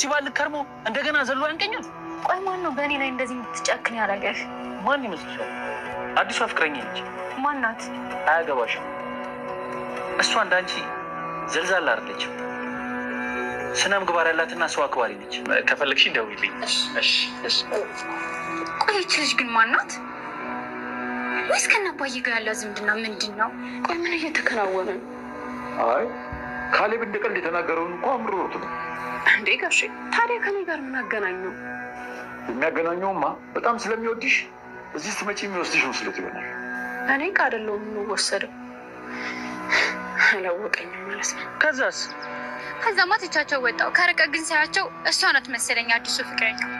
ሲባል ከርሞ እንደገና ዘሎ ያንቀኛል። ቆይ ማን ነው በእኔ ላይ እንደዚህ የምትጨክን ያደረገሽ? ማን ይመስልሻል? አዲሷ ፍቅረኛ ነች። ማናት? አያገባሽም። እሷ እንዳንቺ ዘልዛላ አይደለችም። ስነ ምግባር ያላትና ሰው አክባሪ ነች። ከፈለግሽ እንደውይልኝ። ቆይ ይች ልጅ ግን ማናት? ወይስ ከእናባዬ ጋር ያለው ዝምድና ምንድን ነው? ቆይ ምን እየተከናወነ? አይ ካሌብ እንደ ቀልድ የተናገረውን እኮ አምሮት ነው እንዴ ጋሼ። ታዲያ ከኔ ጋር የምናገናኘው የሚያገናኘውማ በጣም ስለሚወድሽ እዚህ ስትመጪ የሚወስድሽ መስሎት ይሆናል። እኔ ቃ አደለው የምወሰደው አላወቀኝም ማለት ነው። ከዛስ ከዛማ ትቻቸው ወጣው። ከርቀ ግን ሳያቸው እሷ ናት መሰለኝ አዲሱ ፍቅረኛው።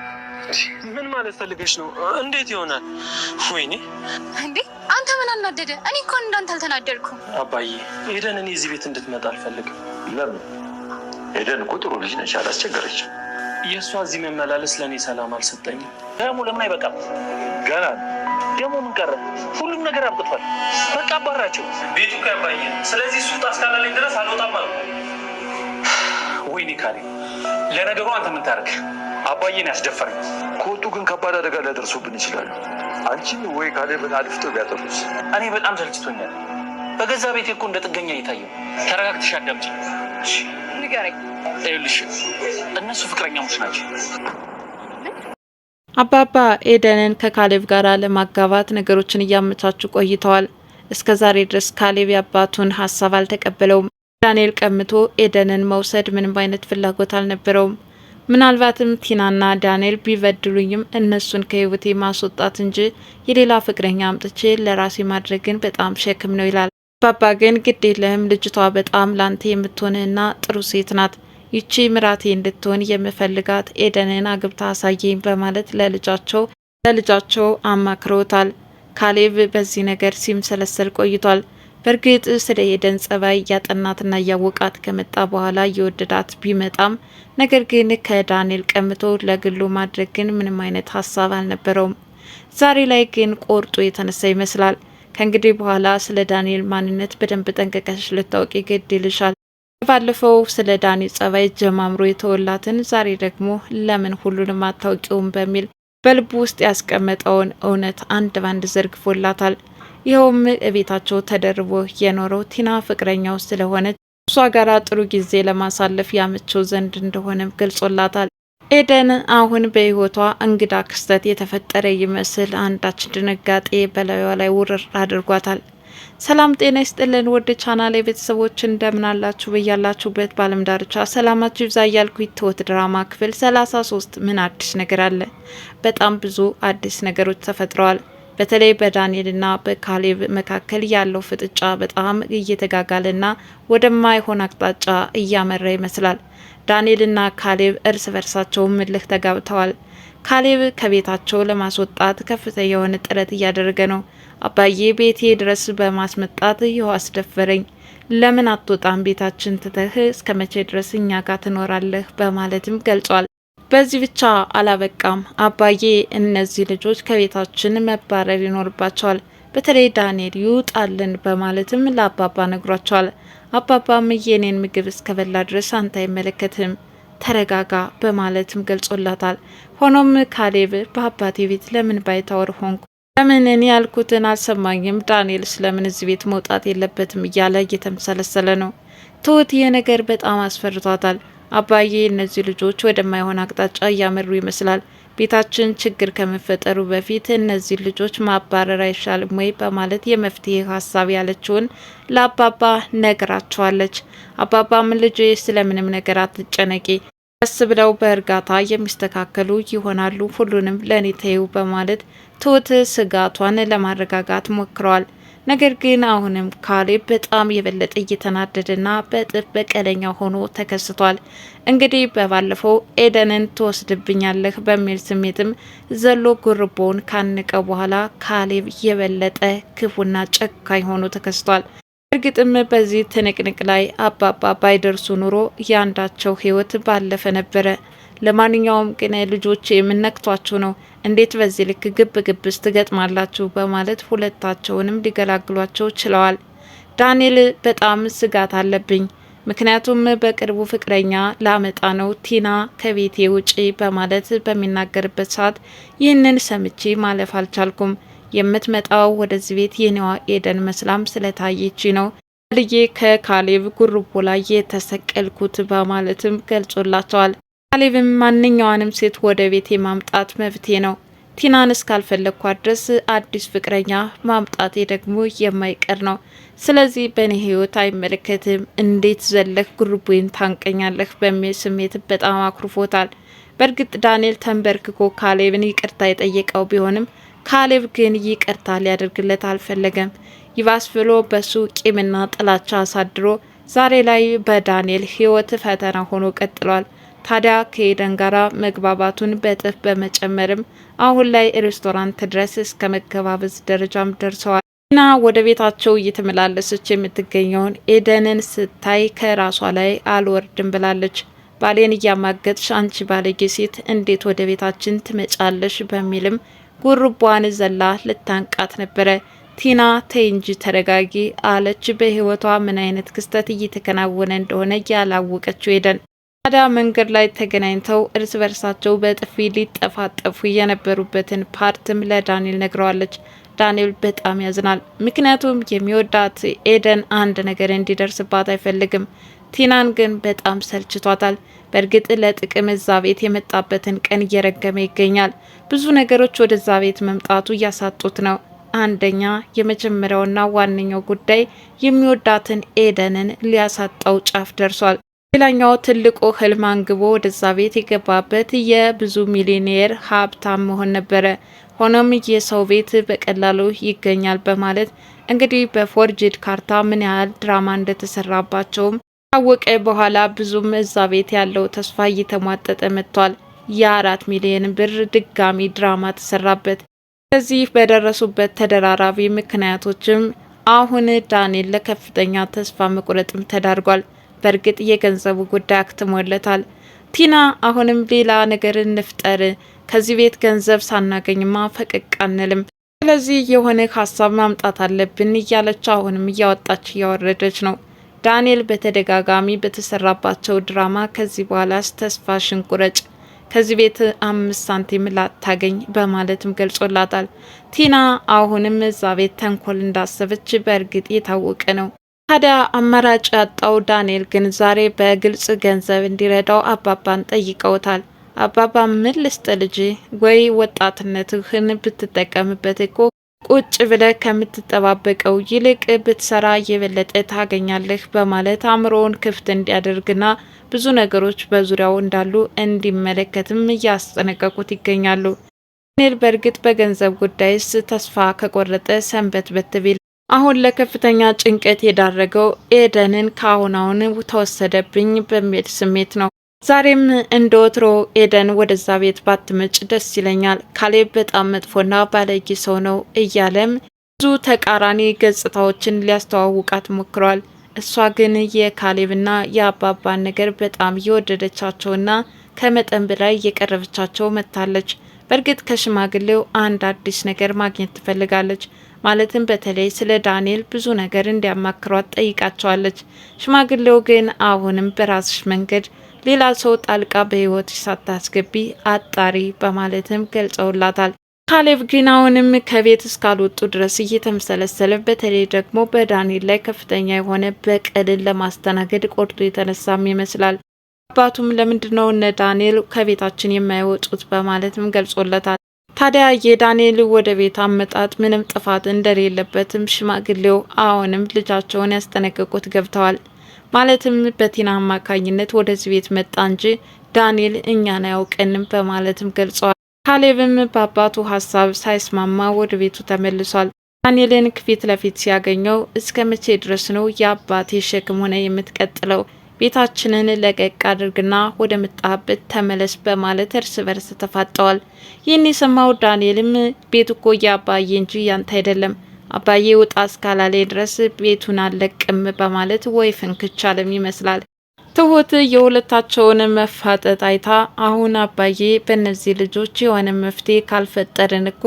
ምን ማለት ፈልገሽ ነው? እንዴት ይሆናል? ወይኔ እንዴ! አንተ ምን አናደደ? እኔ እኮ እንዳንተ አልተናደድኩም። አባዬ ሄደን እኔ እዚህ ቤት እንድትመጣ አልፈልግም። ለምን? ሄደን እኮ ጥሩ ልጅ ነች፣ አላስቸገረችም። የእሷ እዚህ መመላለስ ለእኔ ሰላም አልሰጠኝም። ደግሞ ለምን አይበቃም? ገና ደግሞ ምን ቀረ? ሁሉም ነገር አብቅቷል። በቃ አባራቸው ቤቱ ከባየ። ስለዚህ እሱ ታስካላለኝ ድረስ አልወጣም አሉ። ወይኔ ካሌ፣ ለነገሩ አንተ ምን ታደርግ አባዬን ያስደፈረኝ። ከወጡ ግን ከባድ አደጋ ሊያደርሱብን ይችላሉ። አንቺን ወይ ካሌብን አድፍቶ ቢያጠሩስ እኔ በጣም ሰልችቶኛል። በገዛ ቤቴ እኮ እንደ ጥገኛ እየታየሁ። ተረጋግተሽ አዳምጪኝ። ንገረኝ። ይኸውልሽ እነሱ ፍቅረኛሞች ናቸው። አባባ ኤደንን ከካሌብ ጋር ለማጋባት ነገሮችን እያመቻቹ ቆይተዋል። እስከ ዛሬ ድረስ ካሌብ የአባቱን ሀሳብ አልተቀበለውም። ዳንኤል ቀምቶ ኤደንን መውሰድ ምንም አይነት ፍላጎት አልነበረውም። ምናልባትም ቲናና ዳንኤል ቢበድሉኝም እነሱን ከህይወቴ ማስወጣት እንጂ የሌላ ፍቅረኛ አምጥቼ ለራሴ ማድረግን በጣም ሸክም ነው ይላል። ባባ ግን ግድ የለህም ልጅቷ በጣም ላንተ የምትሆንህና ጥሩ ሴት ናት። ይቺ ምራቴ እንድትሆን የምፈልጋት ኤደንን አግብታ አሳየኝ በማለት ለልጃቸው ለልጃቸው አማክረውታል። ካሌብ በዚህ ነገር ሲምሰለሰል ቆይቷል። በእርግጥ ስለ ኤደን ጸባይ እያጠናትና እያወቃት ከመጣ በኋላ እየወደዳት ቢመጣም ነገር ግን ከዳንኤል ቀምቶ ለግሉ ማድረግ ግን ምንም አይነት ሀሳብ አልነበረውም። ዛሬ ላይ ግን ቆርጦ የተነሳ ይመስላል። ከእንግዲህ በኋላ ስለ ዳንኤል ማንነት በደንብ ጠንቀቀሽ ልታውቂ ግድ ይልሻል። ባለፈው ስለ ዳኒ ጸባይ ጀማምሮ የተወላትን ዛሬ ደግሞ ለምን ሁሉንም አታውቂውም በሚል በልቡ ውስጥ ያስቀመጠውን እውነት አንድ ባንድ ዘርግፎላታል። ይኸውም እቤታቸው ተደርቦ የኖረው ቲና ፍቅረኛው ስለሆነች እሷ ጋር ጥሩ ጊዜ ለማሳለፍ ያመቸው ዘንድ እንደሆነም ገልጾላታል። ኤደን አሁን በህይወቷ እንግዳ ክስተት የተፈጠረ ይመስል አንዳች ድንጋጤ በላዩ ላይ ውርር አድርጓታል። ሰላም ጤና ይስጥልን ውድ ቻናሌ ቤተሰቦች እንደምን አላችሁ? በያላችሁበት በዓለም ዳርቻ ሰላማችሁ ይብዛ እያልኩ ትሁት ድራማ ክፍል ሰላ3ስት ምን አዲስ ነገር አለ? በጣም ብዙ አዲስ ነገሮች ተፈጥረዋል። በተለይ በዳንኤልና በካሌብ መካከል ያለው ፍጥጫ በጣም እየተጋጋለና ወደማይሆን አቅጣጫ እያመራ ይመስላል። ዳንኤልና ካሌብ እርስ በርሳቸው ምልህ ተጋብተዋል። ካሌብ ከቤታቸው ለማስወጣት ከፍተኛ የሆነ ጥረት እያደረገ ነው። አባዬ ቤቴ ድረስ በማስመጣት ይኸው አስደፈረኝ። ለምን አትወጣም? ቤታችን ትተህ እስከ መቼ ድረስ እኛ ጋር ትኖራለህ? በማለትም ገልጿል። በዚህ ብቻ አላበቃም። አባዬ እነዚህ ልጆች ከቤታችን መባረር ይኖርባቸዋል፣ በተለይ ዳንኤል ይውጣልን በማለትም ለአባባ ነግሯቸዋል። አባባም የኔን ምግብ እስከበላ ድረስ አንተ አይመለከትም ተረጋጋ በማለትም ገልጾላታል። ሆኖም ካሌብ በአባቴ ቤት ለምን ባይታወር ሆንኩ? ለምን እኔ ያልኩትን አልሰማኝም? ዳንኤል ስለምን እዚህ ቤት መውጣት የለበትም እያለ እየተመሰለሰለ ነው። ትሁት ይህ ነገር በጣም አስፈርቷታል። አባዬ እነዚህ ልጆች ወደማይሆን አቅጣጫ እያመሩ ይመስላል። ቤታችን ችግር ከመፈጠሩ በፊት እነዚህ ልጆች ማባረር አይሻልም ወይ በማለት የመፍትሄ ሀሳብ ያለችውን ለአባባ ነግራቸዋለች። አባባም ልጄ ስለምንም ነገር አትጨነቂ፣ ቀስ ብለው በእርጋታ የሚስተካከሉ ይሆናሉ፣ ሁሉንም ለእኔ ተይው በማለት ትሁት ስጋቷን ለማረጋጋት ሞክረዋል። ነገር ግን አሁንም ካሌብ በጣም የበለጠ እየተናደደና በጥፍ በቀለኛ ሆኖ ተከስቷል። እንግዲህ በባለፈው ኤደንን ትወስድብኛለህ በሚል ስሜትም ዘሎ ጉርቦውን ካነቀ በኋላ ካሌብ የበለጠ ክፉና ጨካኝ ሆኖ ተከስቷል። እርግጥም በዚህ ትንቅንቅ ላይ አባባ ባይደርሱ ኑሮ ያንዳቸው ህይወት ባለፈ ነበረ። ለማንኛውም ግን ልጆች የምነክቷችሁ ነው፣ እንዴት በዚህ ልክ ግብ ግብስ ትገጥማላችሁ? በማለት ሁለታቸውንም ሊገላግሏቸው ችለዋል። ዳንኤል በጣም ስጋት አለብኝ፣ ምክንያቱም በቅርቡ ፍቅረኛ ላመጣ ነው፣ ቲና ከቤቴ ውጪ በማለት በሚናገርበት ሰዓት ይህንን ሰምቼ ማለፍ አልቻልኩም። የምትመጣው ወደዚህ ቤት የኔዋ ኤደን መስላም ስለታየች ነው ልዬ ከካሌብ ጉርቦ ላይ የተሰቀልኩት በማለትም ገልጾላቸዋል። ካሌብም ማንኛዋንም ሴት ወደ ቤት የማምጣት መብቴ ነው ቲናን እስካልፈለግኳት ድረስ አዲስ ፍቅረኛ ማምጣቴ ደግሞ የማይቀር ነው። ስለዚህ በእኔ ህይወት አይመለከትም፣ እንዴት ዘለህ ጉርቡን ታንቀኛለህ በሚል ስሜት በጣም አኩርፎታል። በእርግጥ ዳንኤል ተንበርክኮ ካሌብን ይቅርታ የጠየቀው ቢሆንም ካሌብ ግን ይቅርታ ሊያደርግለት አልፈለገም። ይባስ ብሎ በሱ ቂምና ጥላቻ አሳድሮ ዛሬ ላይ በዳንኤል ህይወት ፈተና ሆኖ ቀጥሏል። ታዲያ ከኤደን ጋራ መግባባቱን በእጥፍ በመጨመርም አሁን ላይ ሬስቶራንት ድረስ እስከ መገባበዝ ደረጃም ደርሰዋል ና ወደ ቤታቸው እየተመላለሰች የምትገኘውን ኤደንን ስታይ ከራሷ ላይ አልወርድም ብላለች። ባሌን እያማገጥሽ አንቺ ባለጌ ሴት እንዴት ወደ ቤታችን ትመጫለሽ? በሚልም ጉርቧን ዘላ ልታንቃት ነበረ። ቲና ተይ እንጂ ተረጋጊ አለች። በህይወቷ ምን አይነት ክስተት እየተከናወነ እንደሆነ ያላወቀችው ኤደን ታዲያ መንገድ ላይ ተገናኝተው እርስ በርሳቸው በጥፊ ሊጠፋጠፉ የነበሩበትን ፓርትም ለዳንኤል ነግረዋለች። ዳንኤል በጣም ያዝናል። ምክንያቱም የሚወዳት ኤደን አንድ ነገር እንዲደርስባት አይፈልግም። ቲናን ግን በጣም ሰልችቷታል። በእርግጥ ለጥቅም እዛ ቤት የመጣበትን ቀን እየረገመ ይገኛል። ብዙ ነገሮች ወደዛ ቤት መምጣቱ እያሳጡት ነው። አንደኛ የመጀመሪያውና ዋነኛው ጉዳይ የሚወዳትን ኤደንን ሊያሳጣው ጫፍ ደርሷል። ሌላኛው ትልቁ ህልም አንግቦ ወደዛ ቤት የገባበት የብዙ ሚሊዮኔር ሀብታም መሆን ነበረ። ሆኖም የሰው ቤት በቀላሉ ይገኛል በማለት እንግዲህ በፎርጅድ ካርታ ምን ያህል ድራማ እንደተሰራባቸውም ካወቀ በኋላ ብዙም እዛ ቤት ያለው ተስፋ እየተሟጠጠ መጥቷል። የአራት ሚሊዮን ብር ድጋሚ ድራማ ተሰራበት። ከዚህ በደረሱበት ተደራራቢ ምክንያቶችም አሁን ዳንኤል ለከፍተኛ ተስፋ መቁረጥም ተዳርጓል። በእርግጥ የገንዘቡ ጉዳይ አክትሞለታል። ቲና አሁንም ሌላ ነገር እንፍጠር፣ ከዚህ ቤት ገንዘብ ሳናገኝማ ፈቀቅ አንልም፣ ስለዚህ የሆነ ሀሳብ ማምጣት አለብን እያለች አሁንም እያወጣች እያወረደች ነው። ዳንኤል በተደጋጋሚ በተሰራባቸው ድራማ ከዚህ በኋላስ ተስፋሽን ቁረጭ ከዚህ ቤት አምስት ሳንቲም ላታገኝ በማለትም ገልጾላታል። ቲና አሁንም እዛ ቤት ተንኮል እንዳሰበች በእርግጥ የታወቀ ነው። ታዲያ አማራጭ ያጣው ዳንኤል ግን ዛሬ በግልጽ ገንዘብ እንዲረዳው አባባን ጠይቀውታል። አባባ ምን ልስጥ ወይ ወጣትነትህን ብትጠቀምበት እኮ ቁጭ ብለህ ከምትጠባበቀው ይልቅ ብትሰራ የበለጠ ታገኛለህ በማለት አእምሮውን ክፍት እንዲያደርግና ብዙ ነገሮች በዙሪያው እንዳሉ እንዲመለከትም እያስጠነቀቁት ይገኛሉ። ዳንኤል በእርግጥ በገንዘብ ጉዳይስ ተስፋ ከቆረጠ ሰንበት በትቢል አሁን ለከፍተኛ ጭንቀት የዳረገው ኤደንን ከአሁን አሁን ተወሰደብኝ በሚል ስሜት ነው። ዛሬም እንደ ወትሮ ኤደን ወደዛ ቤት ባትመጭ ደስ ይለኛል፣ ካሌብ በጣም መጥፎና ባለጌ ሰው ነው እያለም ብዙ ተቃራኒ ገጽታዎችን ሊያስተዋውቃት ሞክሯል። እሷ ግን የካሌብና የአባባን ነገር በጣም እየወደደቻቸውና ከመጠን በላይ እየቀረበቻቸው መጥታለች። በእርግጥ ከሽማግሌው አንድ አዲስ ነገር ማግኘት ትፈልጋለች። ማለትም በተለይ ስለ ዳንኤል ብዙ ነገር እንዲያማክሯት ጠይቃቸዋለች። ሽማግሌው ግን አሁንም በራስሽ መንገድ ሌላ ሰው ጣልቃ በህይወት ሳታስገቢ አጣሪ በማለትም ገልጸውላታል። ካሌብ ግን አሁንም ከቤት እስካልወጡ ድረስ እየተመሰለሰለ በተለይ ደግሞ በዳንኤል ላይ ከፍተኛ የሆነ በቀልን ለማስተናገድ ቆርጦ የተነሳም ይመስላል። አባቱም ለምንድነው እነ ዳንኤል ከቤታችን የማይወጡት በማለትም ገልጾለታል። ታዲያ የዳንኤል ወደ ቤት አመጣጥ ምንም ጥፋት እንደሌለበትም ሽማግሌው አሁንም ልጃቸውን ያስጠነቀቁት ገብተዋል። ማለትም በቲና አማካኝነት ወደዚህ ቤት መጣ እንጂ ዳንኤል እኛን አያውቀንም በማለትም ገልጸዋል። ካሌብም በአባቱ ሀሳብ ሳይስማማ ወደ ቤቱ ተመልሷል። ዳንኤልን ፊት ለፊት ሲያገኘው እስከ መቼ ድረስ ነው የአባቴ ሸክም ሆነ የምትቀጥለው ቤታችንን ለቀቅ አድርግና ወደ መጣህበት ተመለስ በማለት እርስ በርስ ተፋጠዋል። ይህን የሰማው ዳንኤልም ቤት እኮ የአባዬ እንጂ ያንተ አይደለም፣ አባዬ ውጣ እስካላለ ድረስ ቤቱን አለቅም በማለት ወይ ፍንክች አለም ይመስላል። ትሁት የሁለታቸውን መፋጠጥ አይታ አሁን አባዬ በእነዚህ ልጆች የሆነ መፍትሄ ካልፈጠርን እኮ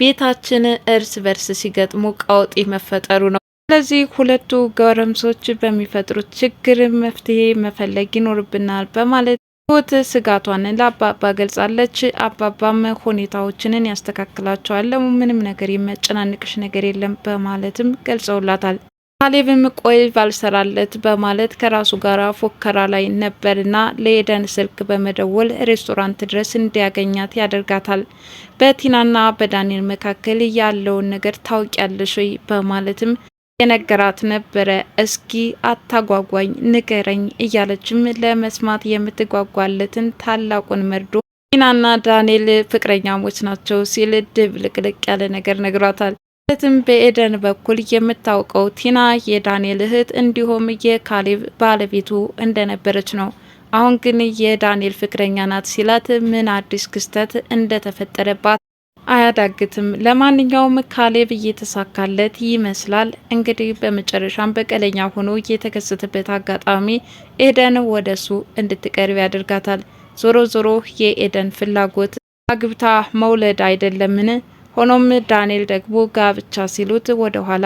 ቤታችን እርስ በርስ ሲገጥሙ ቀውጢ መፈጠሩ ነው ስለዚህ ሁለቱ ገረምሶች በሚፈጥሩት ችግር መፍትሄ መፈለግ ይኖርብናል በማለት ትሁት ስጋቷን ለአባባ ገልጻለች። አባባም ሁኔታዎችንን ያስተካክላቸዋል፣ ምንም ነገር የሚያጨናንቅሽ ነገር የለም በማለትም ገልጸውላታል። ካሌብም ቆይ ባልሰራለት በማለት ከራሱ ጋር ፉከራ ላይ ነበርና ለኤደን ስልክ በመደወል ሬስቶራንት ድረስ እንዲያገኛት ያደርጋታል። በቲናና በዳንኤል መካከል ያለውን ነገር ታውቂያለሽ ወይ በማለትም የነገራት ነበረ። እስኪ አታጓጓኝ ንገረኝ እያለችም ለመስማት የምትጓጓለትን ታላቁን መርዶ ቲናና ዳንኤል ፍቅረኛሞች ናቸው ሲል ድብልቅልቅ ያለ ነገር ነግሯታል። ማለትም በኤደን በኩል የምታውቀው ቲና የዳንኤል እህት እንዲሁም የካሌብ ባለቤቱ እንደነበረች ነው። አሁን ግን የዳንኤል ፍቅረኛ ናት ሲላት ምን አዲስ ክስተት እንደተፈጠረባት አያዳግትም። ለማንኛውም ካሌብ እየተሳካለት ይመስላል። እንግዲህ በመጨረሻም በቀለኛ ሆኖ የተከሰተበት አጋጣሚ ኤደን ወደሱ እንድትቀርብ ያደርጋታል። ዞሮ ዞሮ የኤደን ፍላጎት አግብታ መውለድ አይደለምን? ሆኖም ዳንኤል ደግሞ ጋብቻ ሲሉት ወደ ኋላ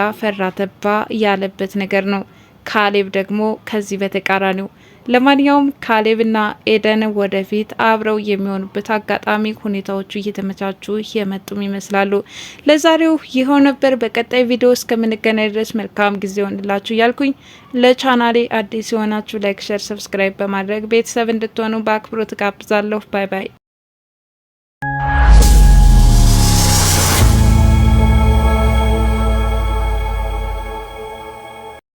ያለበት ነገር ነው። ካሌብ ደግሞ ከዚህ በተቃራኒው ለማንኛውም ካሌብና ኤደን ወደፊት አብረው የሚሆኑበት አጋጣሚ ሁኔታዎቹ እየተመቻቹ የመጡም ይመስላሉ። ለዛሬው ይኸው ነበር። በቀጣይ ቪዲዮ እስከምንገናኝ ድረስ መልካም ጊዜ ሆንላችሁ እያልኩኝ ለቻናሌ አዲስ የሆናችሁ ላይክ፣ ሸር፣ ሰብስክራይብ በማድረግ ቤተሰብ እንድትሆኑ በአክብሮት ጋብዛለሁ። ባይ ባይ።